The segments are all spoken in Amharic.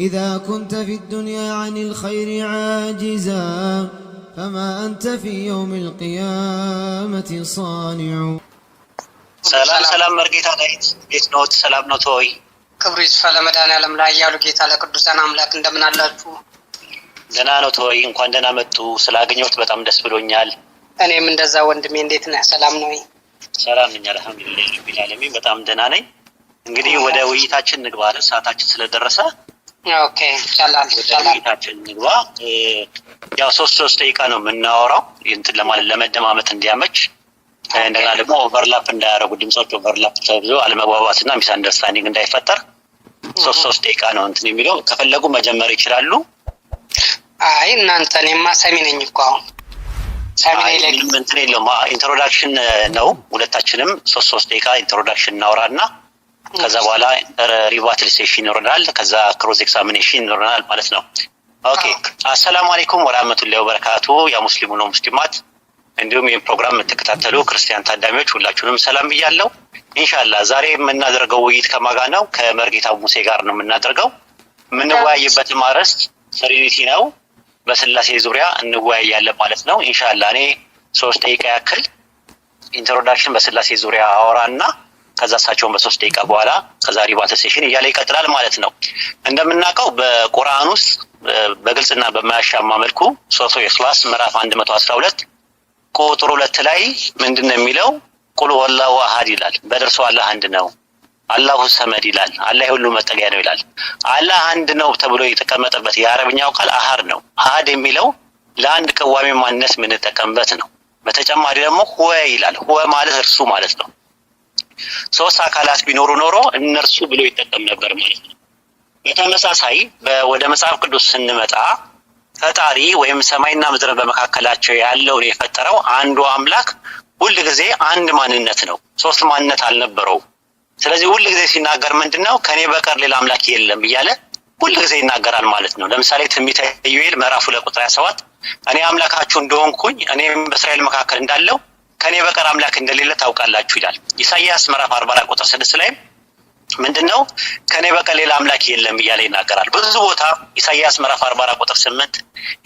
إذا كنت في الدنيا عن الخير عاجزا فما أنت في يوم القيامة صانع ሰላም ሰላም መርጌታ ዳዊት ቤት ኖት ሰላም ነው ተወይ ክብሩ ይስፋ ለመድኃኔዓለም ላይ ያሉ ጌታ ለቅዱሳን አምላክ እንደምን አላችሁ? ደህና ነው ተወይ እንኳን ደህና መጡ። ስላገኘሁት በጣም ደስ ብሎኛል። እኔም እንደዛ ወንድሜ፣ እንዴት ነህ? ሰላም ነው? ሰላም ነኝ አልሐምዱሊላህ ረቢል ዓለሚን በጣም ደህና ነኝ። እንግዲህ ወደ ውይይታችን ንግባ፣ ሰዓታችን ስለደረሰ ያው ሶስት ሶስት ደቂቃ ነው የምናወራው እንትን ለማለት ለመደማመጥ እንዲያመች እንደገና ደግሞ ኦቨርላፕ እንዳያደረጉ ኦቨርላፕ ተብዞ አለመግባባት እና ሚስ አንደርስታንዲንግ እንዳይፈጠር ሶስት ሶስት ደቂቃ ነው እንትን የሚለው ከፈለጉ መጀመር ይችላሉ። አይ እናንተ እኔማ ሰሚ ነኝ እኮ እንትን የለውም። ኢንትሮዳክሽን ነው ሁለታችንም ሶስት ሶስት ደቂቃ ኢንትሮዳክሽን እናውራ እና ከዛ በኋላ ሪቫት ሊሴሽን ይኖረናል። ከዛ ክሮዝ ኤግዛሚኔሽን ይኖረናል ማለት ነው። ኦኬ አሰላሙ አሌይኩም ወራህመቱላሂ ወበረካቱ። ያ ሙስሊሙ ነው ሙስሊማት፣ እንዲሁም ይህን ፕሮግራም የምትከታተሉ ክርስቲያን ታዳሚዎች ሁላችሁንም ሰላም ብያለሁ። ኢንሻላ ዛሬ የምናደርገው ውይይት ከማጋ ነው ከመርጌታ ሙሴ ጋር ነው የምናደርገው። የምንወያይበት ማረስት ትሪኒቲ ነው፣ በስላሴ ዙሪያ እንወያያለን ማለት ነው። ኢንሻላ እኔ ሶስት ደቂቃ ያክል ኢንትሮዳክሽን በስላሴ ዙሪያ አወራና ከዛ እሳቸውን በሶስት ደቂቃ በኋላ ከዛ ሪባት ሴሽን እያለ ይቀጥላል ማለት ነው። እንደምናውቀው በቁርአን ውስጥ በግልጽና በማያሻማ መልኩ ሶቶ ኢኽላስ ምዕራፍ አንድ መቶ አስራ ሁለት ቁጥር ሁለት ላይ ምንድን ነው የሚለው? ቁል ወላሁ አሀድ ይላል። በደርሶ አላህ አንድ ነው። አላሁ ሰመድ ይላል። አላህ የሁሉ መጠጊያ ነው ይላል። አላህ አንድ ነው ተብሎ የተቀመጠበት የአረብኛው ቃል አሃድ ነው። አሃድ የሚለው ለአንድ ቅዋሜ ማንነት የምንጠቀምበት ነው። በተጨማሪ ደግሞ ሁወ ይላል። ሁወ ማለት እርሱ ማለት ነው። ሶስት አካላት ቢኖሩ ኖሮ እነርሱ ብሎ ይጠቀም ነበር ማለት ነው። በተመሳሳይ ወደ መጽሐፍ ቅዱስ ስንመጣ ፈጣሪ ወይም ሰማይና ምድርን በመካከላቸው ያለውን የፈጠረው አንዱ አምላክ ሁል ጊዜ አንድ ማንነት ነው። ሶስት ማንነት አልነበረው? ስለዚህ ሁል ጊዜ ሲናገር ምንድን ነው? ከእኔ በቀር ሌላ አምላክ የለም እያለ ሁል ጊዜ ይናገራል ማለት ነው። ለምሳሌ ትንቢተ ኢዩኤል ምዕራፍ ሁለት ቁጥር ሰባት እኔ አምላካችሁ እንደሆንኩኝ እኔም በእስራኤል መካከል እንዳለው ከኔ በቀር አምላክ እንደሌለ ታውቃላችሁ ይላል። ኢሳይያስ ምዕራፍ አርባ አራት ቁጥር ስድስት ላይ ምንድን ነው ከኔ በቀር ሌላ አምላክ የለም እያለ ይናገራል። ብዙ ቦታ ኢሳይያስ ምዕራፍ አርባ አራት ቁጥር ስምንት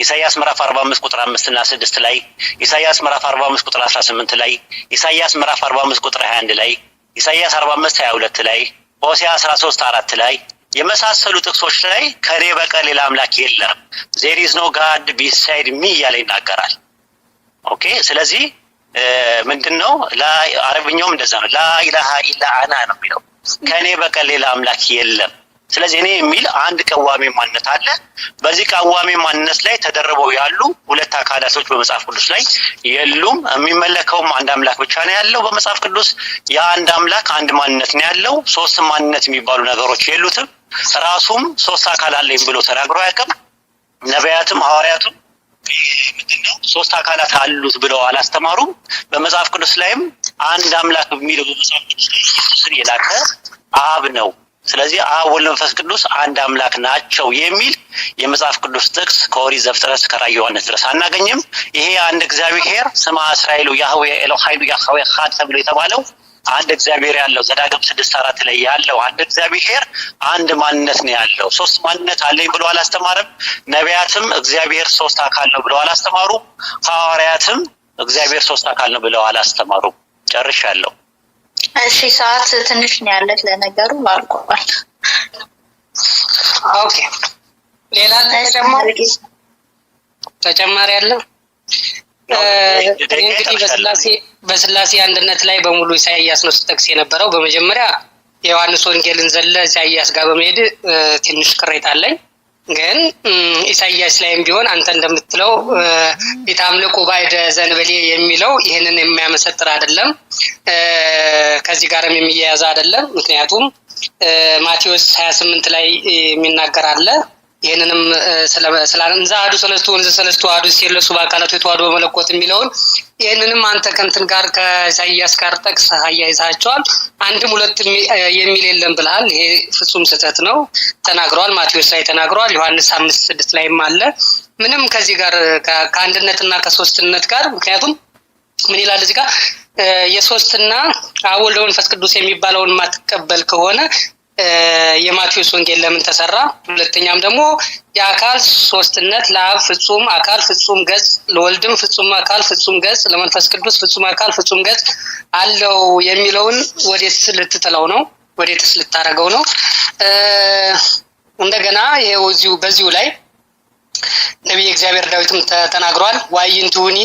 ኢሳይያስ ምዕራፍ አርባ አምስት ቁጥር አምስት እና ስድስት ላይ ኢሳይያስ ምዕራፍ አርባ አምስት ቁጥር አስራ ስምንት ላይ ኢሳይያስ ምዕራፍ አርባ አምስት ቁጥር ሀያ አንድ ላይ ኢሳይያስ አርባ አምስት ሀያ ሁለት ላይ ሆሴያ አስራ ሶስት አራት ላይ የመሳሰሉ ጥቅሶች ላይ ከኔ በቀር ሌላ አምላክ የለም ዜር ኢዝ ኖ ጋድ ቢሳይድ ሚ እያለ ይናገራል። ኦኬ ስለዚህ ምንድን ነው አረብኛውም እንደዛ ነው። ላኢላሃ ኢላ አና ነው የሚለው ከእኔ በቀር ሌላ አምላክ የለም። ስለዚህ እኔ የሚል አንድ ቀዋሚ ማንነት አለ። በዚህ ቀዋሚ ማንነት ላይ ተደርበው ያሉ ሁለት አካላቶች በመጽሐፍ ቅዱስ ላይ የሉም። የሚመለከውም አንድ አምላክ ብቻ ነው ያለው በመጽሐፍ ቅዱስ። የአንድ አምላክ አንድ ማንነት ነው ያለው። ሶስት ማንነት የሚባሉ ነገሮች የሉትም። ራሱም ሶስት አካል አለኝ ብሎ ተናግሮ አያቅም ነቢያትም ሐዋርያቱም ምንድነው ሶስት አካላት አሉት ብለው አላስተማሩም። በመጽሐፍ ቅዱስ ላይም አንድ አምላክ በሚለው በመጽሐፍ ቅዱስ ላይ ኢየሱስን የላከ አብ ነው። ስለዚህ አብ፣ ወልድ፣ መንፈስ ቅዱስ አንድ አምላክ ናቸው የሚል የመጽሐፍ ቅዱስ ጥቅስ ከኦሪት ዘፍጥረት እስከ ራዕየ ዮሐንስ ድረስ አናገኝም። ይሄ አንድ እግዚአብሔር ስማ እስራኤሉ ያህዌ ኤሎሃይኑ ያህዌ ሀድ ተብሎ የተባለው አንድ እግዚአብሔር ያለው ዘዳግም ስድስት አራት ላይ ያለው አንድ እግዚአብሔር አንድ ማንነት ነው ያለው። ሶስት ማንነት አለኝ ብሎ አላስተማርም። ነቢያትም እግዚአብሔር ሶስት አካል ነው ብለው አላስተማሩ ሐዋርያትም እግዚአብሔር ሶስት አካል ነው ብለው አላስተማሩ ጨርሻለሁ። እሺ፣ ሰዓት ትንሽ ነው ያለት። ለነገሩ ኦኬ፣ ሌላ ተጨማሪ ያለው እንግዲህ በስላሴ በስላሴ አንድነት ላይ በሙሉ ኢሳያስ ነው ስጠቅስ የነበረው። በመጀመሪያ የዮሐንስ ወንጌልን ዘለ ኢሳያስ ጋር በመሄድ ትንሽ ቅሬታ አለኝ። ግን ኢሳያስ ላይም ቢሆን አንተ እንደምትለው ቤታምልኩ ባይደ ዘንበሌ የሚለው ይህንን የሚያመሰጥር አይደለም፣ ከዚህ ጋርም የሚያያዝ አይደለም። ምክንያቱም ማቴዎስ ሀያ ስምንት ላይ የሚናገር አለ ይህንንም እንዛ አሐዱ ሰለስቱ ወንዝ ሰለስቱ አዱ ሲለሱ በአካላቱ የተዋህዶ በመለኮት የሚለውን ይህንንም አንተ ከንትን ጋር ከኢሳያስ ጋር ጠቅስ አያይዛቸዋል። አንድም ሁለት የሚል የለም ብልሃል። ይሄ ፍጹም ስህተት ነው። ተናግረዋል። ማቴዎስ ላይ ተናግረዋል። ዮሐንስ አምስት ስድስት ላይም አለ። ምንም ከዚህ ጋር ከአንድነትና ከሶስትነት ጋር ምክንያቱም ምን ይላል እዚህ ጋር የሶስትና አብ ወልድ ወመንፈስ ቅዱስ የሚባለውን ማትቀበል ከሆነ የማቴዎስ ወንጌል ለምን ተሰራ፣ ሁለተኛም ደግሞ የአካል ሶስትነት ለአብ ፍጹም አካል ፍጹም ገጽ፣ ለወልድም ፍጹም አካል ፍጹም ገጽ፣ ለመንፈስ ቅዱስ ፍጹም አካል ፍጹም ገጽ አለው የሚለውን ወዴት ልትጥለው ነው? ወዴትስ ልታደርገው ነው? እንደገና ይሄው እዚሁ በዚሁ ላይ ነቢይ እግዚአብሔር ዳዊትም ተናግሯል። ዋይንቱኒ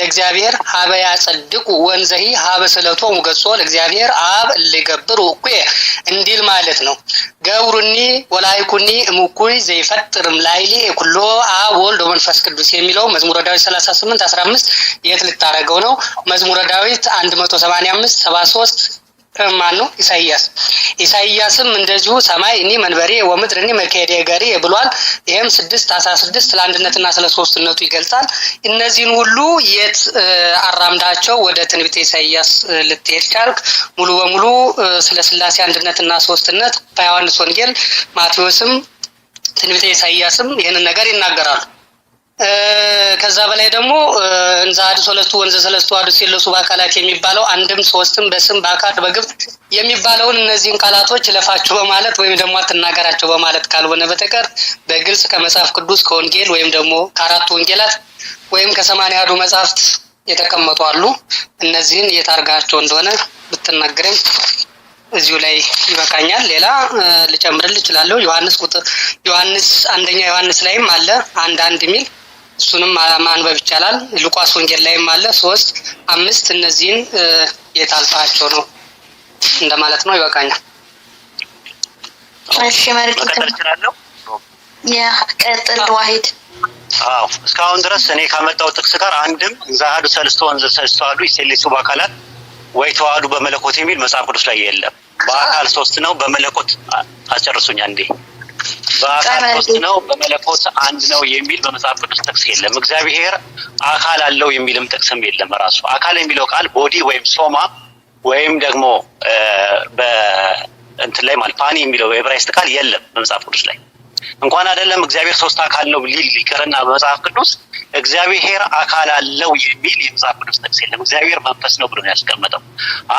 ለእግዚአብሔር ሀበ ያጸድቁ ወንዘሂ ሀበ ስለቶሙ ገጾ ለእግዚአብሔር አብ እሊገብሩ እኩ እንዲል ማለት ነው። ገብሩኒ ወላይኩኒ እሙኩይ ዘይፈጥርም ላይሊ ኩሎ አብ ወልድ ወመንፈስ ቅዱስ የሚለው መዝሙረ ዳዊት 38 15 የት ልታደረገው ነው? መዝሙረ ዳዊት 185 73 ማን ነው? ኢሳይያስ። ኢሳይያስም እንደዚሁ ሰማይ እኔ መንበሬ ወምድር እኔ መካሄድ ገሬ ብሏል። ይህም ስድስት አስራ ስድስት ስለ አንድነትና ስለ ሶስትነቱ ይገልጻል። እነዚህን ሁሉ የት አራምዳቸው ወደ ትንቢተ ኢሳይያስ ልትሄድ ቻልክ? ሙሉ በሙሉ ስለ ስላሴ አንድነትና ሶስትነት በዮሐንስ ወንጌል ማቴዎስም ትንቢተ ኢሳይያስም ይህንን ነገር ይናገራሉ። ከዛ በላይ ደግሞ እንዛ አድስ ወለስቱ ወንዘ ሰለስቱ አድስ የለሱ በአካላት የሚባለው አንድም ሶስትም በስም በአካል በግብት የሚባለውን እነዚህን ቃላቶች እለፋችሁ በማለት ወይም ደግሞ አትናገራቸው በማለት ካልሆነ በተቀር በግልጽ ከመጽሐፍ ቅዱስ ከወንጌል ወይም ደግሞ ከአራቱ ወንጌላት ወይም ከሰማንያ አሐዱ መጽሐፍት የተቀመጡ አሉ። እነዚህን የታርጋቸው እንደሆነ ብትናገረኝ እዚሁ ላይ ይበቃኛል። ሌላ ልጨምርል እችላለሁ። ዮሐንስ ቁጥር ዮሐንስ አንደኛ ዮሐንስ ላይም አለ አንድ አንድ የሚል እሱንም ማንበብ ይቻላል። ሉቃስ ወንጌል ላይም አለ ሶስት አምስት። እነዚህን የታልፋቸው ነው እንደማለት ነው። ይበቃኛል። እሺ ቀጥል ዋሂድ። አዎ እስካሁን ድረስ እኔ ካመጣው ጥቅስ ጋር አንድም ዛህዱ ሰልስቶ ወንዝ ሰልስቶ አሉ ይሴሌሱ በአካላት ወይ ተዋህዱ በመለኮት የሚል መጽሐፍ ቅዱስ ላይ የለም። በአካል ሶስት ነው፣ በመለኮት አስጨርሱኛ እንዴ በአካል ሶስት ነው፣ በመለኮት አንድ ነው የሚል በመጽሐፍ ቅዱስ ጥቅስ የለም። እግዚአብሔር አካል አለው የሚልም ጥቅስም የለም። ራሱ አካል የሚለው ቃል ቦዲ ወይም ሶማ ወይም ደግሞ በእንትን ላይ ማለት ፓኒ የሚለው የዕብራይስጥ ቃል የለም በመጽሐፍ ቅዱስ ላይ እንኳን አይደለም እግዚአብሔር ሶስት አካል ነው ሊል ይቅርና በመጽሐፍ ቅዱስ እግዚአብሔር አካል አለው የሚል የመጽሐፍ ቅዱስ ጥቅስ የለም። እግዚአብሔር መንፈስ ነው ብሎ ነው ያስቀመጠው።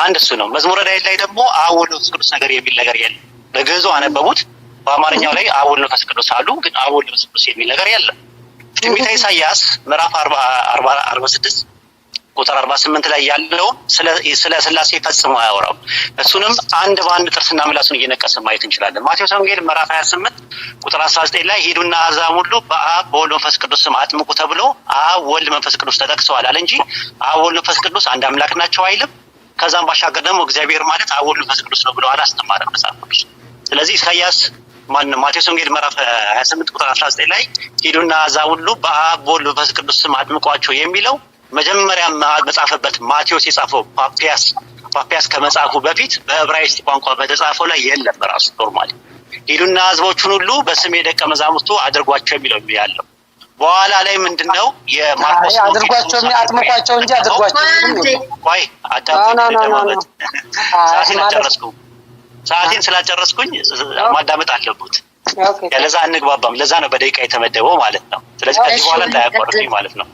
አንድ እሱ ነው። መዝሙረ ዳዊት ላይ ደግሞ አብ ወልድ ቅዱስ ነገር የሚል ነገር የለም። በግዕዙ አነበቡት በአማርኛው ላይ አቡን መንፈስ ቅዱስ አሉ፣ ግን አቡን መንፈስ ቅዱስ የሚል ነገር የለም። ትንቢተ ኢሳያስ ምዕራፍ አርባ ስድስት ቁጥር አርባ ስምንት ላይ ያለው ስለ ስላሴ ፈጽሞ አያወራው። እሱንም አንድ በአንድ ጥርስና ምላሱን እየነቀሰ ማየት እንችላለን። ማቴዎስ ወንጌል ምዕራፍ ሀያ ስምንት ቁጥር አስራ ዘጠኝ ላይ ሂዱና አዛም ሁሉ በአብ በወልድ መንፈስ ቅዱስ ስም አጥምቁ ተብሎ አብ ወልድ መንፈስ ቅዱስ ተጠቅሰዋል አለ እንጂ አብ ወልድ መንፈስ ቅዱስ አንድ አምላክ ናቸው አይልም። ከዛም ባሻገር ደግሞ እግዚአብሔር ማለት አብ ወልድ መንፈስ ቅዱስ ነው ብሎ አላስተማረም መጽሐፍ ቅዱስ። ስለዚህ ኢሳያስ ማን ማቴዎስ ወንጌል ምዕራፍ 28 ቁጥር 19 ላይ ሂዱና እዛ ሁሉ በአብ በወልድ በመንፈስ ቅዱስ ስም አጥምቋቸው የሚለው መጀመሪያ መጻፈበት ማቴዎስ የጻፈው ፓፒያስ ፓፒያስ ከመጻፉ በፊት በዕብራይስጥ ቋንቋ በተጻፈው ላይ የለም። በራሱ ኖርማል ሂዱና ሕዝቦቹን ሁሉ በስም የደቀ መዛሙርቱ አድርጓቸው የሚለው ያለው በኋላ ላይ ምንድን ነው የማርቆስ አድርጓቸው አጥምቋቸው እንጂ አድርጓቸው ቆይ አዳምጥ ሳሲን አልጨረስኩም ሰዓቴን ስላጨረስኩኝ ማዳመጥ አለቡት። ለዛ አንግባባም። ለዛ ነው በደቂቃ የተመደበው ማለት ነው። ስለዚህ ከዚህ በኋላ እንዳያቋርጡኝ ማለት ነው።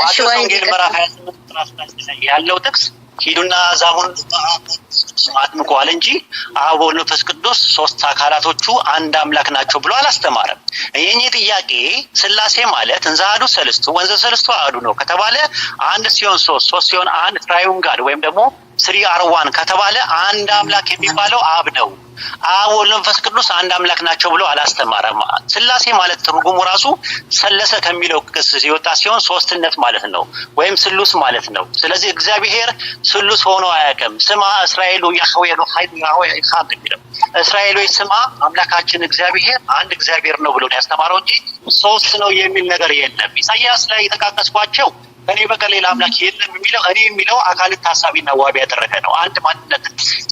ማቴዎስ ወንጌል ምዕራፍ ሀያ ስምንት ቁጥር አስራ አንድ ላይ ያለው ጥቅስ ሂዱና አሕዛብን አጥምቁ እንጂ አብ ወልድ መንፈስ ቅዱስ ሶስት አካላቶቹ አንድ አምላክ ናቸው ብሎ አላስተማረም። የእኔ ጥያቄ ስላሴ ማለት እንዘ አሐዱ ሰለስቱ ወእንዘ ሰለስቱ አሐዱ ነው ከተባለ አንድ ሲሆን ሶስት ሶስት ሲሆን አንድ ትራዩንጋድ ወይም ደግሞ ስሪ አርዋን ከተባለ አንድ አምላክ የሚባለው አብ ነው። አብ ወልድ፣ መንፈስ ቅዱስ አንድ አምላክ ናቸው ብሎ አላስተማረም። ስላሴ ማለት ትርጉሙ ራሱ ሰለሰ ከሚለው ቅስ የወጣ ሲሆን ሶስትነት ማለት ነው፣ ወይም ስሉስ ማለት ነው። ስለዚህ እግዚአብሔር ስሉስ ሆኖ አያውቅም። ስማ እስራኤሉ ያህዌ የሚለው እስራኤሎች ስማ አምላካችን እግዚአብሔር አንድ እግዚአብሔር ነው ብሎ ያስተማረው እንጂ ሶስት ነው የሚል ነገር የለም። ኢሳያስ ላይ የተቃቀስኳቸው እኔ በቀር ሌላ አምላክ የለም የሚለው እኔ የሚለው አካልን ታሳቢና ዋቢ ያደረገ ነው። አንድ ማንነት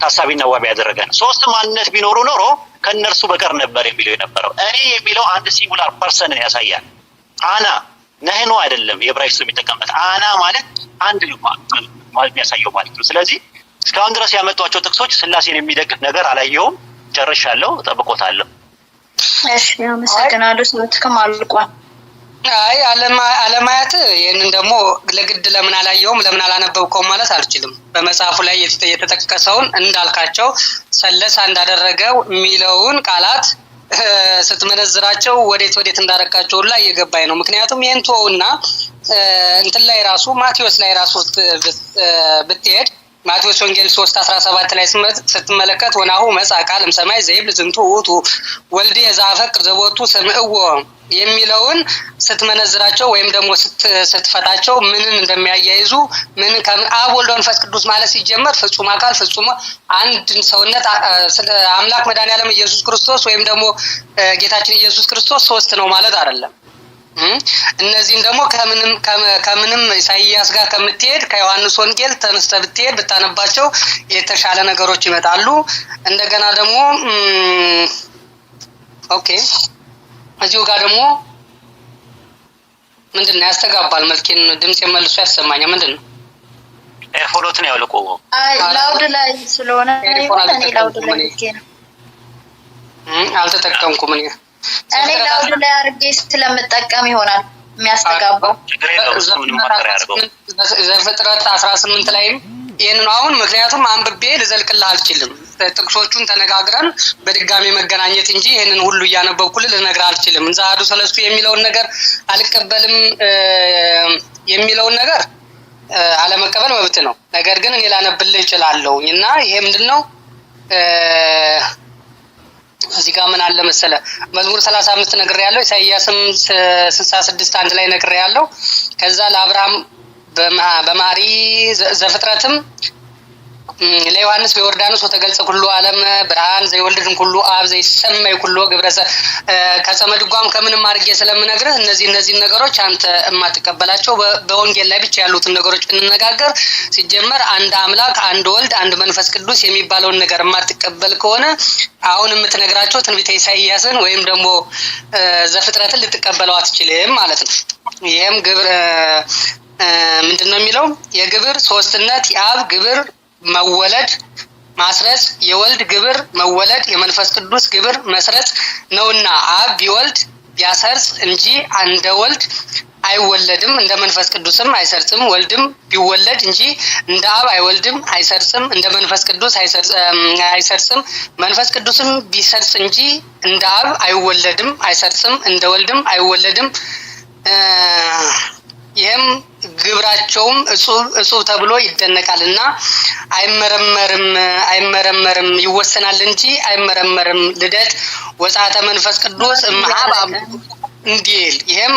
ታሳቢና ዋቢ ያደረገ ነው። ሶስት ማንነት ቢኖሩ ኖሮ ከእነርሱ በቀር ነበር የሚለው የነበረው። እኔ የሚለው አንድ ሲንጉላር ፐርሰንን ያሳያል። አና ነህኖ አይደለም የዕብራይስጡ የሚጠቀምበት አና ማለት አንድ የሚያሳየው ማለት ነው። ስለዚህ እስካሁን ድረስ ያመጧቸው ጥቅሶች ስላሴን የሚደግፍ ነገር አላየውም ጨርሻለሁ። ጠብቆታለሁ። እሺ፣ አመሰግናለሁ። ሰዓትህም አልቋል። አይ አለማያት ይህንን ደግሞ ለግድ ለምን አላየውም ለምን አላነበብከውም ማለት አልችልም። በመጽሐፉ ላይ የተጠቀሰውን እንዳልካቸው ሰለሳ እንዳደረገው የሚለውን ቃላት ስትመነዝራቸው ወዴት ወዴት እንዳረካቸው ሁላ እየገባኝ ነው። ምክንያቱም ይህን ቶውና እንትን ላይ ራሱ ማቴዎስ ላይ ራሱ ብትሄድ ማቴዎስ ወንጌል ሶስት አስራ ሰባት ላይ ስትመለከት ወናሁ መጻ ቃል እምሰማይ ዘይብል ዝንቱ ውእቱ ወልዴ የዘአፈቅር ዘቦቱ ስምዕዎ የሚለውን ስትመነዝራቸው ወይም ደግሞ ስትፈታቸው ምንን እንደሚያያይዙ ምን አብ ወልድ መንፈስ ቅዱስ ማለት ሲጀመር ፍጹም አካል ፍጹም አንድ ሰውነት አምላክ መድኃኒዓለም ኢየሱስ ክርስቶስ ወይም ደግሞ ጌታችን ኢየሱስ ክርስቶስ ሶስት ነው ማለት አይደለም። እነዚህም ደግሞ ከምንም ኢሳይያስ ጋር ከምትሄድ ከዮሐንስ ወንጌል ተነስተ ብትሄድ ብታነባቸው የተሻለ ነገሮች ይመጣሉ። እንደገና ደግሞ ኦኬ እዚሁ ጋር ደግሞ ምንድን ነው ያስተጋባል። መልኬን ድምፅ የመልሶ ያሰማኛል። ምንድን ነው ኤርፎሎት ነው ያውልቁ ላውድ ላይ ስለሆነ አልተጠቀምኩም። እኔ እኔ ላውድ ላይ አድርጌ ስለምጠቀም ይሆናል የሚያስተጋባው። ዘፍጥረት አስራ ስምንት ላይም ይህን አሁን ምክንያቱም አንብቤ ልዘልቅልህ አልችልም ጥቅሶቹን ተነጋግረን በድጋሚ መገናኘት እንጂ ይህንን ሁሉ እያነበብኩል ልነግር አልችልም። ዛዱ ሰለስቱ የሚለውን ነገር አልቀበልም የሚለውን ነገር አለመቀበል መብት ነው። ነገር ግን እኔ ላነብልህ እችላለሁ እና ይሄ ምንድን ነው? እዚህ ጋር ምን አለ መሰለ መዝሙር ሰላሳ አምስት ነግር ያለው ኢሳያስም ስልሳ ስድስት አንድ ላይ ነግር ያለው ከዛ ለአብርሃም በማሪ ዘፍጥረትም ለዮሐንስ በዮርዳኖስ ወተገልጸ ኩሉ ዓለም ብርሃን ዘይወልድን ኩሉ አብ ዘይሰማይ ኩሎ ግብረሰ ከጸመድጓም ከምንም አድርጌ ስለምነግርህ እነዚህ እነዚህን ነገሮች አንተ የማትቀበላቸው በወንጌል ላይ ብቻ ያሉትን ነገሮች ብንነጋገር፣ ሲጀመር አንድ አምላክ አንድ ወልድ አንድ መንፈስ ቅዱስ የሚባለውን ነገር የማትቀበል ከሆነ አሁን የምትነግራቸው ትንቢተ ኢሳይያስን ወይም ደግሞ ዘፍጥረትን ልትቀበለው አትችልም ማለት ነው። ይህም ግብር ምንድን ነው የሚለው የግብር ሶስትነት የአብ ግብር መወለድ ማስረጽ የወልድ ግብር መወለድ የመንፈስ ቅዱስ ግብር መስረጽ ነውና አብ ቢወልድ ቢያሰርጽ እንጂ እንደ ወልድ አይወለድም እንደ መንፈስ ቅዱስም አይሰርጽም። ወልድም ቢወለድ እንጂ እንደ አብ አይወልድም አይሰርጽም፣ እንደ መንፈስ ቅዱስ አይሰርጽም። መንፈስ ቅዱስም ቢሰርጽ እንጂ እንደ አብ አይወለድም አይሰርጽም፣ እንደ ወልድም አይወለድም ይህም ግብራቸውም እጹብ ተብሎ ይደነቃል እና አይመረመርም አይመረመርም ይወሰናል እንጂ አይመረመርም። ልደት ወጻተ መንፈስ ቅዱስ እምሃብ እንዲል ይሄም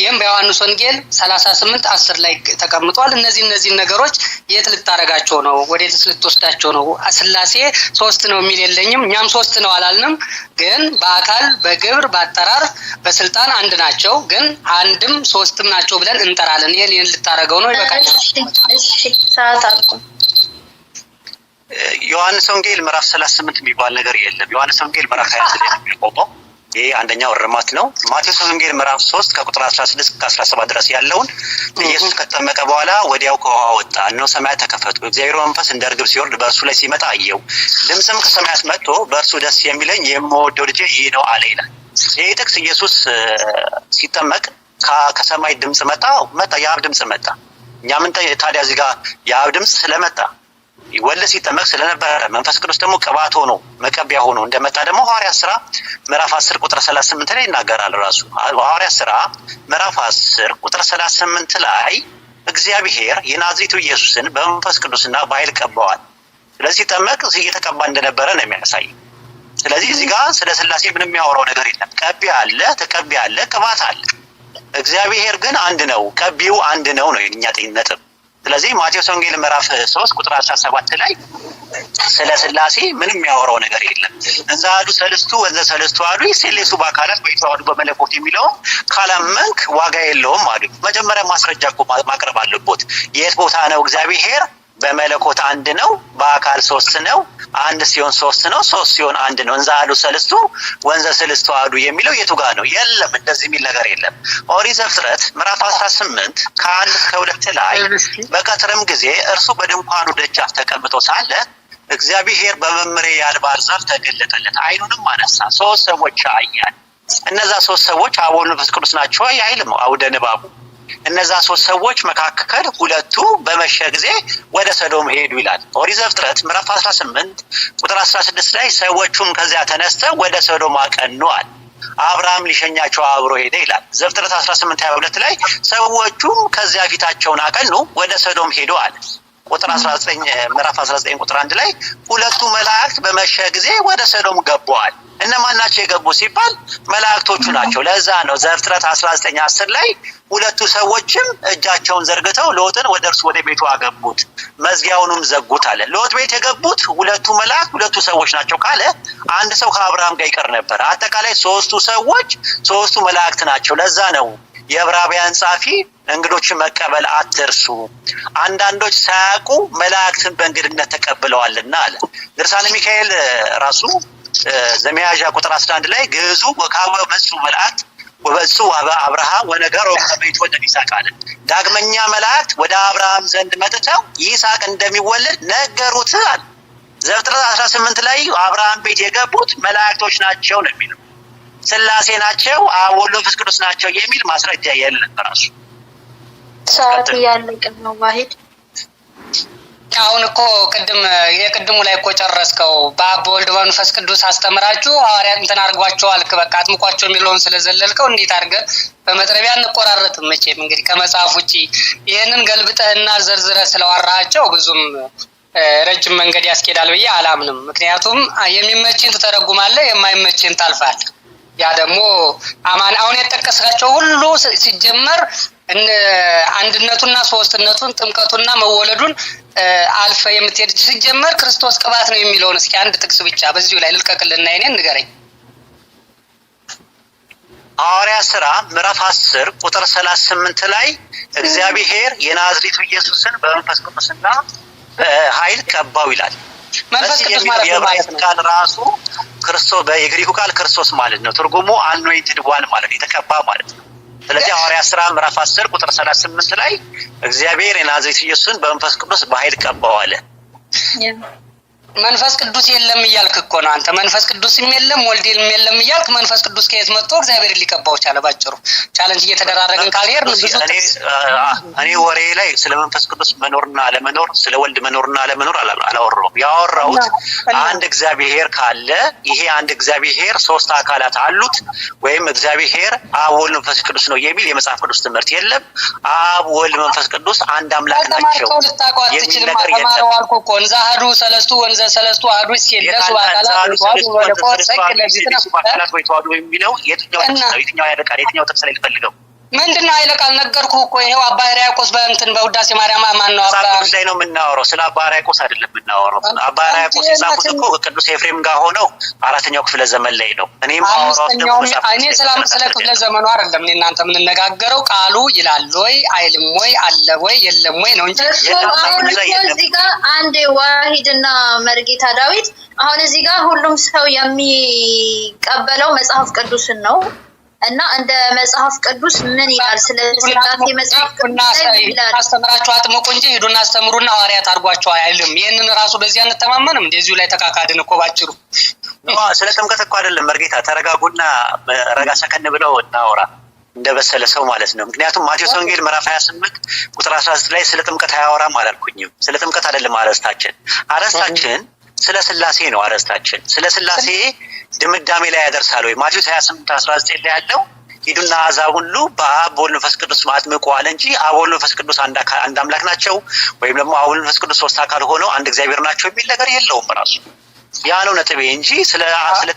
ይሄም በዮሐንስ ወንጌል 38 10 ላይ ተቀምጧል። እነዚህ እነዚህ ነገሮች የት ልታረጋቸው ነው? ወዴትስ ልትወስዳቸው ነው? ስላሴ ሶስት ነው የሚል የለኝም። እኛም ሶስት ነው አላልንም፣ ግን በአካል በግብር በአጠራር በስልጣን አንድ ናቸው፣ ግን አንድም ሶስትም ናቸው ብለን እንጠራለን። ይህን ይህን ልታረገው ነው ይበቃል። ዮሐንስ ወንጌል ምዕራፍ ሰላሳ ስምንት የሚባል ነገር የለም። ዮሐንስ ወንጌል ምዕራፍ ሀያ ስምንት የሚቆመው ይህ አንደኛው እርማት ነው። ማቴዎስ ወንጌል ምዕራፍ ሶስት ከቁጥር አስራ ስድስት ከአስራ ሰባት ድረስ ያለውን ኢየሱስ ከተጠመቀ በኋላ ወዲያው ከውሃ ወጣ፣ እነሆ ሰማያት ተከፈቱ፣ እግዚአብሔር መንፈስ እንደ እርግብ ሲወርድ በእርሱ ላይ ሲመጣ አየው። ድምፅም ከሰማያት መጥቶ በእርሱ ደስ የሚለኝ የምወደው ልጄ ይህ ነው አለ ይላል። ይህ ጥቅስ ኢየሱስ ሲጠመቅ ከሰማይ ድምፅ መጣ መጣ፣ የአብ ድምፅ መጣ። እኛ ምን ታዲያ እዚህ ጋር የአብ ድምፅ ስለመጣ ወልድ ሲጠመቅ ስለነበረ መንፈስ ቅዱስ ደግሞ ቅባት ሆኖ መቀቢያ ሆኖ እንደመጣ ደግሞ ሐዋርያ ስራ ምዕራፍ አስር ቁጥር ሰላሳ ስምንት ላይ ይናገራል። ራሱ ሐዋርያ ስራ ምዕራፍ አስር ቁጥር ሰላሳ ስምንት ላይ እግዚአብሔር የናዝሬቱ ኢየሱስን በመንፈስ ቅዱስና በኃይል ቀባዋል። ስለዚህ ሲጠመቅ እየተቀባ እንደነበረ ነው የሚያሳይ። ስለዚህ እዚህ ጋር ስለ ስላሴ ምንም የሚያወራው ነገር የለም። ቀቢ አለ፣ ተቀቢ አለ፣ ቅባት አለ። እግዚአብሔር ግን አንድ ነው፣ ቀቢው አንድ ነው ነው የኛ ነጥብ ስለዚህ ማቴዎስ ወንጌል ምዕራፍ ሶስት ቁጥር አስራ ሰባት ላይ ስለ ስላሴ ምንም ያወራው ነገር የለም። እንዛ አሉ ሰለስቱ ወንዘ ሰለስቱ አሉ ሴሌሱ በአካላት በይተዋሉ በመለኮት የሚለውም ካላመንክ ዋጋ የለውም አሉ። መጀመሪያ ማስረጃ ማቅረብ አለቦት። የት ቦታ ነው እግዚአብሔር በመለኮት አንድ ነው፣ በአካል ሶስት ነው። አንድ ሲሆን ሶስት ነው፣ ሶስት ሲሆን አንድ ነው። እንዛ አሉ ሰልስቱ ወንዘ ስልስቱ አሉ የሚለው የቱ ጋር ነው? የለም፣ እንደዚህ የሚል ነገር የለም። ኦሪት ዘፍጥረት ምዕራፍ አስራ ስምንት ከአንድ እስከ ሁለት ላይ በቀትርም ጊዜ እርሱ በድንኳኑ ደጃፍ ተቀምጦ ሳለ እግዚአብሔር በመምሬ ያልባር ዛፍ ተገለጠለት፣ አይኑንም አነሳ፣ ሶስት ሰዎች አያል። እነዛ ሶስት ሰዎች አቦ ወልድ መንፈስ ቅዱስ ናቸው አይልም አውደ ንባቡ እነዛ ሶስት ሰዎች መካከል ሁለቱ በመሸ ጊዜ ወደ ሰዶም ሄዱ ይላል ኦሪት ዘፍጥረት ምዕራፍ 18 ቁጥር 16 ላይ ሰዎቹም ከዚያ ተነስተው ወደ ሰዶም አቀኑዋል። አለ። አብርሃም ሊሸኛቸው አብሮ ሄደ ይላል ዘፍጥረት 18 22 ላይ ሰዎቹም ከዚያ ፊታቸውን አቀኑ ወደ ሰዶም ሄደዋል ቁጥር 19 ምዕራፍ 19 ቁጥር አንድ ላይ ሁለቱ መላእክት በመሸ ጊዜ ወደ ሰዶም ገቧል። እነማን ናቸው የገቡ ሲባል መላእክቶቹ ናቸው። ለዛ ነው ዘፍጥረት 19 10 ላይ ሁለቱ ሰዎችም እጃቸውን ዘርግተው ሎጥን ወደ እርሱ ወደ ቤቱ አገቡት፣ መዝጊያውንም ዘጉት አለ። ሎጥ ቤት የገቡት ሁለቱ መላእክት ሁለቱ ሰዎች ናቸው ካለ አንድ ሰው ከአብርሃም ጋር ይቀር ነበር። አጠቃላይ ሶስቱ ሰዎች ሶስቱ መላእክት ናቸው። ለዛ ነው የዕብራውያን ጻፊ እንግዶችን መቀበል አትርሱ፣ አንዳንዶች ሳያውቁ መላእክትን በእንግድነት ተቀብለዋልና አለ። ድርሳነ ሚካኤል ራሱ ዘመያዣ ቁጥር 11 ላይ ግዙ ወካወ መጹ መልአክ ወበጹ አብርሃም ወነገሮ ከመይት ወደ ይስሐቅ አለ። ዳግመኛ መላእክት ወደ አብርሃም ዘንድ መጥተው ይስሐቅ እንደሚወለድ ነገሩት አለ። ዘፍጥረት 18 ላይ አብርሃም ቤት የገቡት መላእክቶች ናቸው ነው የሚለው። ስላሴ ናቸው፣ ወሎ መንፈስ ቅዱስ ናቸው የሚል ማስረጃ የለም። በራሱ ሰዓት እያለቀ ነው ማሄድ አሁን እኮ ቅድም የቅድሙ ላይ እኮ ጨረስከው። በአብ በመንፈስ ቅዱስ አስተምራችሁ ሐዋርያት እንትን አድርጓቸው አልክ። በቃ አጥምቋቸው የሚለውን ስለዘለልከው እንዴት አድርገ በመጥረቢያ እንቆራረጥም። መቼም እንግዲህ ከመጽሐፍ ውጭ ይህንን ገልብጠህና ዘርዝረ ስለዋራሃቸው ብዙም ረጅም መንገድ ያስኬዳል ብዬ አላምንም። ምክንያቱም የሚመችን ትተረጉማለህ፣ የማይመችን ታልፋለህ። ያ ደግሞ አማን አሁን የጠቀሳቸው ሁሉ ሲጀመር አንድነቱና ሶስትነቱን ጥምቀቱና መወለዱን አልፈ የምትሄድ ሲጀመር ክርስቶስ ቅባት ነው የሚለውን እስኪ አንድ ጥቅስ ብቻ በዚሁ ላይ ልልቀቅልና የኔን ንገረኝ። ሐዋርያ ስራ ምዕራፍ አስር ቁጥር ሰላሳ ስምንት ላይ እግዚአብሔር የናዝሬቱ ኢየሱስን በመንፈስ ቅዱስና በኃይል ቀባው ይላል። መንፈስ ቅዱስ ማለት ነው ማለት ነው። ቃል ራሱ ክርስቶስ የግሪኩ ቃል ክርስቶስ ማለት ነው። ትርጉሙ አኖይንትድ ዋን ማለት ነው፣ የተቀባ ማለት ነው። ስለዚህ ሐዋርያ ስራ ምዕራፍ 10 ቁጥር 38 ላይ እግዚአብሔር የናዝሬት ኢየሱስን በመንፈስ ቅዱስ በኃይል ቀባዋለ። መንፈስ ቅዱስ የለም እያልክ እኮ ነው አንተ። መንፈስ ቅዱስም የለም ወልድም የለም እያልክ መንፈስ ቅዱስ ከየት መጥቶ እግዚአብሔር ሊቀባው ቻለ? ባጭሩ ቻለንጅ እየተደራረግን ካልሄድን እኔ ወሬ ላይ ስለ መንፈስ ቅዱስ መኖርና አለመኖር፣ ስለ ወልድ መኖርና አለመኖር አላወራሁም። ያወራሁት አንድ እግዚአብሔር ካለ ይሄ አንድ እግዚአብሔር ሶስት አካላት አሉት ወይም እግዚአብሔር አብ፣ ወልድ፣ መንፈስ ቅዱስ ነው የሚል የመጽሐፍ ቅዱስ ትምህርት የለም። አብ፣ ወልድ፣ መንፈስ ቅዱስ አንድ አምላክ ናቸው የሚል ነገር የለም። ዛህዱ ሰለስቱ ወንዘ ሰለስቱ አሐዱ ሲል ለሱ አካላት ተዋዱ ወደ ቆሰክ ለዚህ ነው ተዋዱ የሚለው የትኛው ነው? የትኛው ያደቃል? የትኛው ጥቅስ ላይ ልፈልገው ምንድን ነው ኃይለ ቃል ነገርኩህ እኮ ይሄው አባ ሕርያቆስ በእንትን በውዳሴ ማርያም ማን ነው አባ ጉዳይ ነው የምናወራው፣ ስለ አባ ሕርያቆስ አይደለም የምናወራው። አባ ሕርያቆስ የጻፉት እኮ ቅዱስ ኤፍሬም ጋር ሆነው አራተኛው ክፍለ ዘመን ላይ ነው። እኔም እኔ ስለ ክፍለ ዘመኑ አይደለም እኔ እናንተ የምንነጋገረው ቃሉ ይላል ወይ አይልም ወይ አለ ወይ የለም ወይ ነው እንጂ እዚህ ጋር አንዴ ዋሂድና መርጌታ ዳዊት አሁን እዚህ ጋር ሁሉም ሰው የሚቀበለው መጽሐፍ ቅዱስን ነው እና እንደ መጽሐፍ ቅዱስ ምን ይላል? ስለ ስላሴ መጽሐፍ ቅዱስ አስተምራችሁ አጥምቁ እንጂ ሂዱና አስተምሩና ሐዋርያት አድርጓቸው አይልም። ይህንን ራሱ በዚህ አንተማመንም። እንደዚሁ ላይ ተካካድን እኮ ባጭሩ። ስለ ጥምቀት እኮ አይደለም መርጌታ፣ ተረጋጉና ረጋ ሰከን ብለው እናውራ እንደበሰለ ሰው ማለት ነው። ምክንያቱም ማቴዎስ ወንጌል ምዕራፍ 28 ቁጥር 19 ላይ ስለ ጥምቀት አያወራም አላልኩኝም። ስለ ጥምቀት አይደለም አረስታችን አረስታችን ስለ ስላሴ ነው አረስታችን ስለ ስላሴ ድምዳሜ ላይ ያደርሳል ወይ? ማቴዎስ 28 19 ላይ ያለው ሂዱና አዛ ሁሉ በአብ በወልድ መንፈስ ቅዱስ አጥምቁ አለ እንጂ አብ ወልድ መንፈስ ቅዱስ አንድ አምላክ ናቸው ወይም ደግሞ አብ ወልድ መንፈስ ቅዱስ ሶስት አካል ሆነው አንድ እግዚአብሔር ናቸው የሚል ነገር የለውም ራሱ ያ ነው ነጥቤ እንጂ ስለ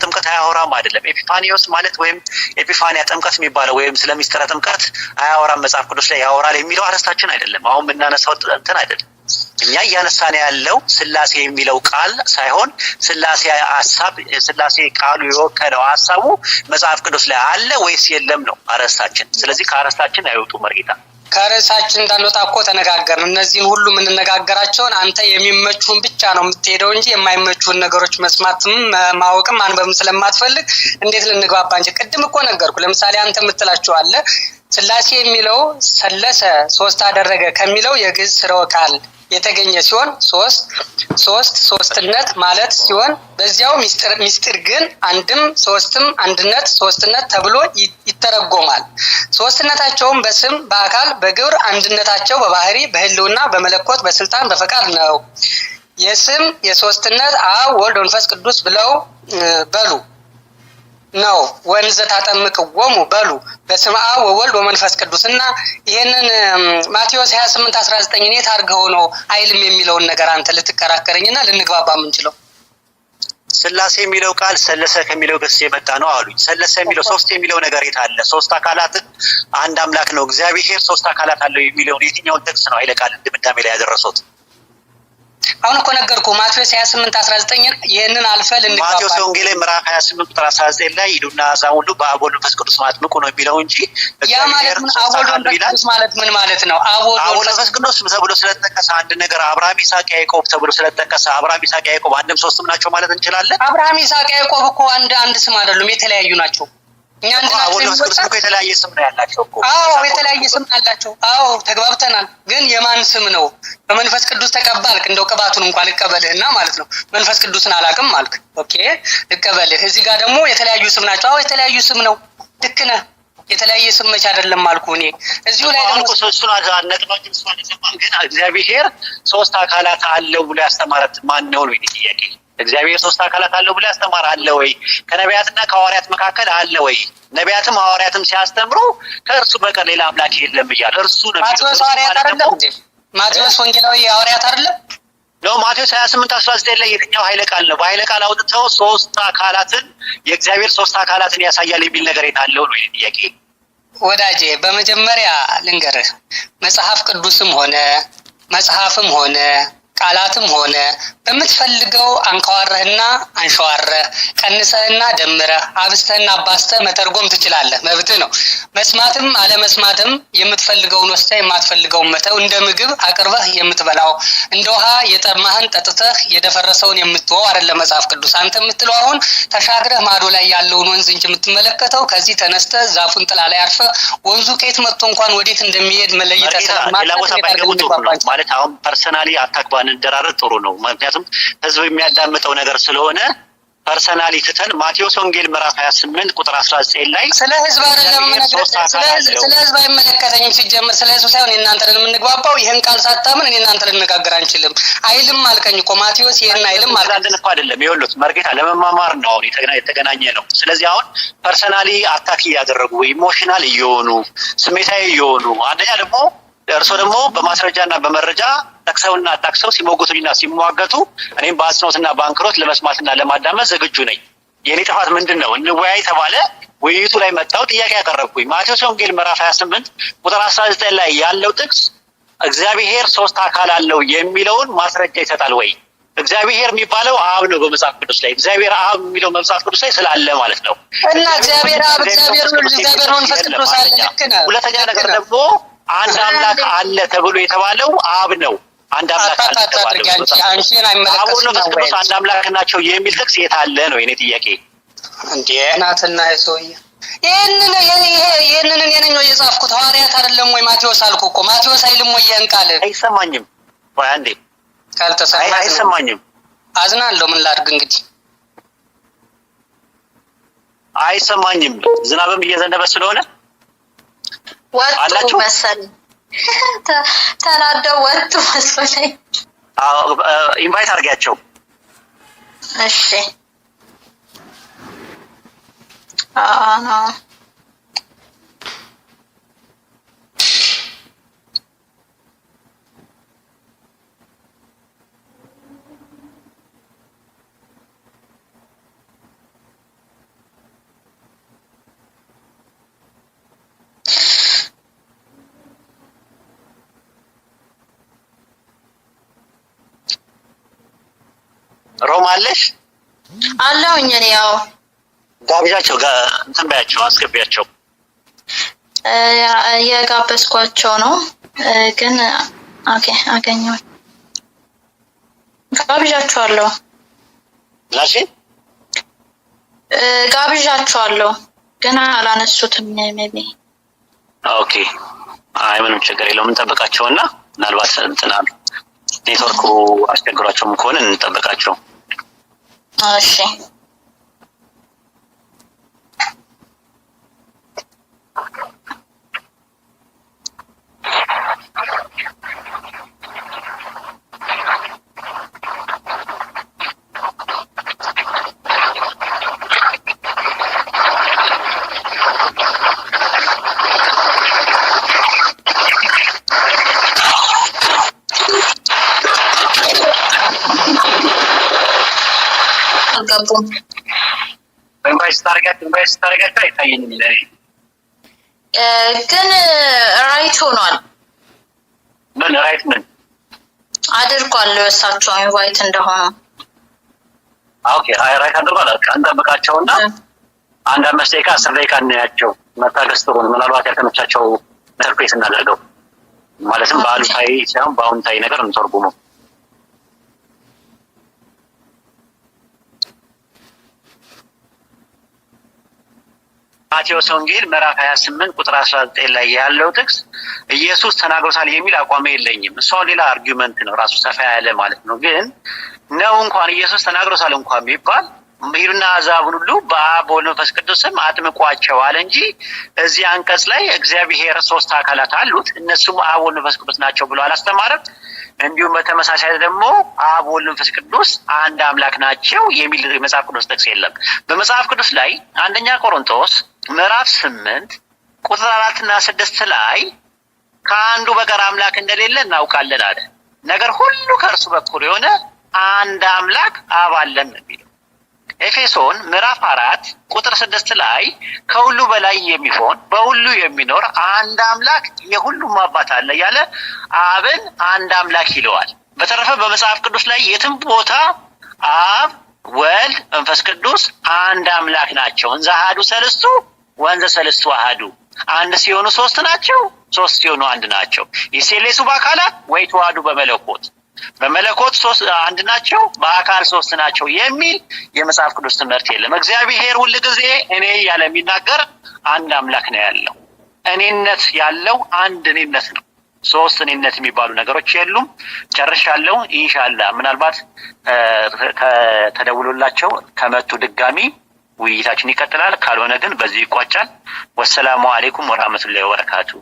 ጥምቀት አያወራም አይደለም። ኤፒፋኒዎስ ማለት ወይም ኤፒፋኒያ ጥምቀት የሚባለው ወይም ስለ ሚስጥረ ጥምቀት አያወራም መጽሐፍ ቅዱስ ላይ ያወራል የሚለው አረስታችን አይደለም። አሁን የምናነሳው እንትን አይደለም። እኛ እያነሳን ያለው ስላሴ የሚለው ቃል ሳይሆን ስላሴ ሀሳብ ስላሴ ቃሉ የወከለው ሀሳቡ መጽሐፍ ቅዱስ ላይ አለ ወይስ የለም ነው አረስታችን። ስለዚህ ከአረስታችን አይወጡ መርጌታ ከርዕሳችን እንዳንወጣ እኮ ተነጋገርን። እነዚህን ሁሉ የምንነጋገራቸውን አንተ የሚመቹን ብቻ ነው የምትሄደው እንጂ የማይመቹን ነገሮች መስማትም ማወቅም አንበብም ስለማትፈልግ እንዴት ልንግባባ እንጂ ቅድም እኮ ነገርኩ። ለምሳሌ አንተ የምትላቸው አለ ስላሴ የሚለው ሰለሰ ሶስት አደረገ ከሚለው የግዕዝ ስርወ ቃል የተገኘ ሲሆን ሶስት ሶስት ሶስትነት ማለት ሲሆን በዚያው ሚስጥር ግን አንድም ሶስትም አንድነት ሶስትነት ተብሎ ይተረጎማል። ሶስትነታቸውም በስም በአካል በግብር አንድነታቸው በባህሪ በህልውና በመለኮት በስልጣን በፈቃድ ነው። የስም የሶስትነት አብ ወልድ መንፈስ ቅዱስ ብለው በሉ ነው ወንዘ ታጠምቅዎሙ በሉ በስመ አብ ወወልድ ወመንፈስ ቅዱስ እና ይህንን ማቴዎስ ሀያ ስምንት አስራ ዘጠኝ እኔ ታርገው ነው አይልም የሚለውን ነገር አንተ ልትከራከረኝና ልንግባባ የምንችለው ስላሴ የሚለው ቃል ሰለሰ ከሚለው ገስ የመጣ ነው አሉኝ። ሰለሰ የሚለው ሶስት የሚለው ነገር የት አለ? ሶስት አካላት አንድ አምላክ ነው እግዚአብሔር ሶስት አካላት አለው የሚለውን የትኛውን ጥቅስ ነው አይለቃል ድምዳሜ ላይ ያደረሱት? አሁን እኮ ነገርኩ ማቴዎስ ሀያ ስምንት አስራ ዘጠኝ ይህንን አልፈ ልንገባ ማቴዎስ ወንጌል ምዕራፍ ሀያ ስምንት ቁጥር አስራ ዘጠኝ ላይ ሂዱና አሕዛብን ሁሉ በአብ ወልድ መንፈስ ቅዱስ አጥምቁ ነው የሚለው እንጂ ያ ማለት ምን አብ ወልድ መንፈስ ቅዱስ ማለት ምን ማለት ነው? አብ ወልድ መንፈስ ቅዱስ ተብሎ ስለተጠቀሰ አንድ ነገር አብርሃም፣ ይስሐቅ፣ ያዕቆብ ተብሎ ስለተጠቀሰ አብርሃም፣ ይስሐቅ፣ ያዕቆብ አንድም ሶስትም ናቸው ማለት እንችላለን። አብርሃም፣ ይስሐቅ፣ ያዕቆብ እኮ አንድ አንድ ስም አይደሉም፣ የተለያዩ ናቸው። የተለያየ ስም ነው ያላቸው። አዎ የተለያየ ስም አላቸው። አዎ ተግባብተናል። ግን የማን ስም ነው? በመንፈስ ቅዱስ ተቀባ አልክ። እንደው ቅባቱን እንኳን እቀበልህና እና ማለት ነው መንፈስ ቅዱስን አላውቅም አልክ። ኦኬ ልቀበልህ። እዚህ ጋር ደግሞ የተለያዩ ስም ናቸው። አዎ የተለያዩ ስም ነው። ልክ ነህ። የተለያየ ስም መች አይደለም አልኩ። እኔ እዚሁ ላይ ደግሞ እግዚአብሔር ሶስት አካላት አለው ብሎ ያስተማረት ማን ነው ነው ጥያቄ እግዚአብሔር ሶስት አካላት አለው ብለ ያስተማር አለ ወይ? ከነቢያትና ከሐዋርያት መካከል አለ ወይ? ነቢያትም ሐዋርያትም ሲያስተምሩ ከእርሱ በቀር ሌላ አምላክ የለም እያለ እርሱ ነው። ማቴዎስ ወንጌላዊ ሐዋርያት አይደለም ነው። ማቴዎስ ሀያ ስምንት አስራ ዘጠኝ ላይ የትኛው ኃይለ ቃል ነው? በኃይለ ቃል አውጥተው ሶስት አካላትን የእግዚአብሔር ሶስት አካላትን ያሳያል የሚል ነገር የታለው ነው? ጥያቄ ወዳጄ፣ በመጀመሪያ ልንገርህ መጽሐፍ ቅዱስም ሆነ መጽሐፍም ሆነ ቃላትም ሆነ በምትፈልገው አንከዋረህና አንሸዋረህ ቀንሰህና ደምረህ አብስተህና አባስተህ መተርጎም ትችላለህ። መብትህ ነው። መስማትም አለመስማትም የምትፈልገውን ወስደህ የማትፈልገውን መተው፣ እንደ ምግብ አቅርበህ የምትበላው እንደ ውሃ የጠማህን ጠጥተህ የደፈረሰውን የምትወው አይደለም መጽሐፍ ቅዱስ። አንተ የምትለው አሁን ተሻግረህ ማዶ ላይ ያለውን ወንዝ እንጂ የምትመለከተው ከዚህ ተነስተህ ዛፉን ጥላ ላይ አርፈህ ወንዙ ከየት መጥቶ እንኳን ወዴት እንደሚሄድ መለየት ማለት አሁን ፐርሰናሊ አታክባ ባንደራረድ ጥሩ ነው። ምክንያቱም ህዝብ የሚያዳምጠው ነገር ስለሆነ ፐርሰናሊ ትተን ማቴዎስ ወንጌል ምዕራፍ 28 ቁጥር 19 ላይ ስለ ህዝብ አይደለም ስለ ህዝብ አይመለከተኝም። ሲጀምር ስለ ህዝብ ሳይሆን የእናንተን የምንግባባው ይህን ቃል ሳታምን እኔ እናንተ ልነጋገር አንችልም አይልም አልከኝ እኮ ማቴዎስ ይህን አይልም አልአንድን እኮ አይደለም። የወሉት መርጌታ ለመማማር ነው አሁን የተገናኘ ነው። ስለዚህ አሁን ፐርሰናሊ አታክ እያደረጉ ኢሞሽናል እየሆኑ ስሜታዊ እየሆኑ አንደኛ ደግሞ እርስዎ ደግሞ በማስረጃና በመረጃ ጠቅሰውና ጠቅሰው ሲሞግቱኝና ሲሟገቱ እኔም በአጽንኦትና በአንክሮት ለመስማትና ለማዳመጥ ዝግጁ ነኝ። የእኔ ጥፋት ምንድን ነው? እንወያይ ተባለ። ውይይቱ ላይ መጣው ጥያቄ ያቀረብኩኝ ማቴዎስ ወንጌል ምዕራፍ 28 ቁጥር 19 ላይ ያለው ጥቅስ እግዚአብሔር ሶስት አካል አለው የሚለውን ማስረጃ ይሰጣል ወይ? እግዚአብሔር የሚባለው አብ ነው በመጽሐፍ ቅዱስ ላይ እግዚአብሔር አብ የሚለው መጽሐፍ ቅዱስ ላይ ስላለ ማለት ነው። እና እግዚአብሔር አብ፣ እግዚአብሔር ወልድ፣ እግዚአብሔር መንፈስ ቅዱስ አለ። ሁለተኛ ነገር ደግሞ አንድ አምላክ አለ ተብሎ የተባለው አብ ነው። አንድ አምላክ አለ ተባለው አቡነ አንድ አምላክ ናቸው የሚል ጥቅስ የት አለ ነው የኔ ጥያቄ። እንዴ ናትና ይህንን ይህንን እኔ ነኝ ወይ የጻፍኩት? ሐዋርያት አይደለም ወይ ማቴዎስ አልኩ እኮ ማቴዎስ አይልም ወይ ይህን ቃል? አይሰማኝም ወይ አንዴ ካልተሰማ አይሰማኝም። አዝናለሁ። ምን ላድርግ እንግዲህ አይሰማኝም። ዝናብም እየዘነበ ስለሆነ ወጡ መሰል ተናደው ወጡ መሰለኝ። ኢንቫይት አድርጊያቸው። እሺ ሮም አለሽ? አለሁኝ። እኔ ያው ጋብዣቸው እንትን በያቸው አስገቢያቸው የጋበዝኳቸው ነው። ግን ኦኬ አገኘው ጋብዣቸዋለሁ። ላሽ ጋብዣቸዋለሁ ግን አላነሱትም። ሜቢ ኦኬ። አይ ምንም ችግር የለውም እንጠብቃቸውና ምናልባት እንትናሉ ኔትወርኩ አስቸግሯቸውም ከሆነ እንጠብቃቸው። 哦，行。ስታደርጋቸው ግን ራይት ሆኗል። ምን ራይት ምን አድርጓል? እሳቸው ኢንቫይት እንደሆኑ ራይት አድርጓል። እንጠብቃቸውና አንድ አምስት ደቂቃ አስር ደቂቃ እናያቸው። መታገስ ምናልባት ያልተመቻቸው እናደርገው ማለትም በአሉታዊ ሳይሆን በአሁንታዊ ነገር እንተርጉመው። ማቴዎስ ወንጌል ምዕራፍ 28 ቁጥር 19 ላይ ያለው ጥቅስ ኢየሱስ ተናግሮታል የሚል አቋም የለኝም። እሷ ሌላ አርጊመንት ነው ራሱ ሰፋ ያለ ማለት ነው። ግን ነው እንኳን ኢየሱስ ተናግሮታል እንኳን ቢባል ሂዱና አሕዛብን ሁሉ በአብ በወልድ በመንፈስ ቅዱስም አጥምቋቸው አለ እንጂ እዚህ አንቀጽ ላይ እግዚአብሔር ሶስት አካላት አሉት እነሱም አብ ወልድ ቅዱስ ናቸው ብሎ አላስተማረም። እንዲሁም በተመሳሳይ ደግሞ አብ ወልድ መንፈስ ቅዱስ አንድ አምላክ ናቸው የሚል መጽሐፍ ቅዱስ ጥቅስ የለም። በመጽሐፍ ቅዱስ ላይ አንደኛ ቆሮንቶስ ምዕራፍ ስምንት ቁጥር አራትና ስድስት ላይ ከአንዱ በቀር አምላክ እንደሌለ እናውቃለን አለ። ነገር ሁሉ ከእርሱ በኩል የሆነ አንድ አምላክ አብ አለን የሚለው። ኤፌሶን ምዕራፍ አራት ቁጥር ስድስት ላይ ከሁሉ በላይ የሚሆን በሁሉ የሚኖር አንድ አምላክ የሁሉም አባት አለ ያለ አብን አንድ አምላክ ይለዋል። በተረፈ በመጽሐፍ ቅዱስ ላይ የትም ቦታ አብ፣ ወልድ፣ መንፈስ ቅዱስ አንድ አምላክ ናቸው። እንዘ አሐዱ ሰለስቱ ወንዘ ሰለስቱ አሃዱ አንድ ሲሆኑ ሶስት ናቸው፣ ሶስት ሲሆኑ አንድ ናቸው። ይሴሌሱ በአካላ ወይ ተዋህዱ በመለኮት በመለኮት ሶስት አንድ ናቸው፣ በአካል ሶስት ናቸው የሚል የመጽሐፍ ቅዱስ ትምህርት የለም። እግዚአብሔር ሁል ጊዜ እኔ ያለ የሚናገር አንድ አምላክ ነው ያለው። እኔነት ያለው አንድ እኔነት ነው። ሶስት እኔነት የሚባሉ ነገሮች የሉም። ጨርሻለሁ። ኢንሻላ ምናልባት ከተደውሎላቸው ከመጡ ድጋሚ ውይይታችን ይቀጥላል። ካልሆነ ግን በዚህ ይቋጫል። ወሰላሙ አሌይኩም ወራህመቱላሂ ወበረካቱሁ።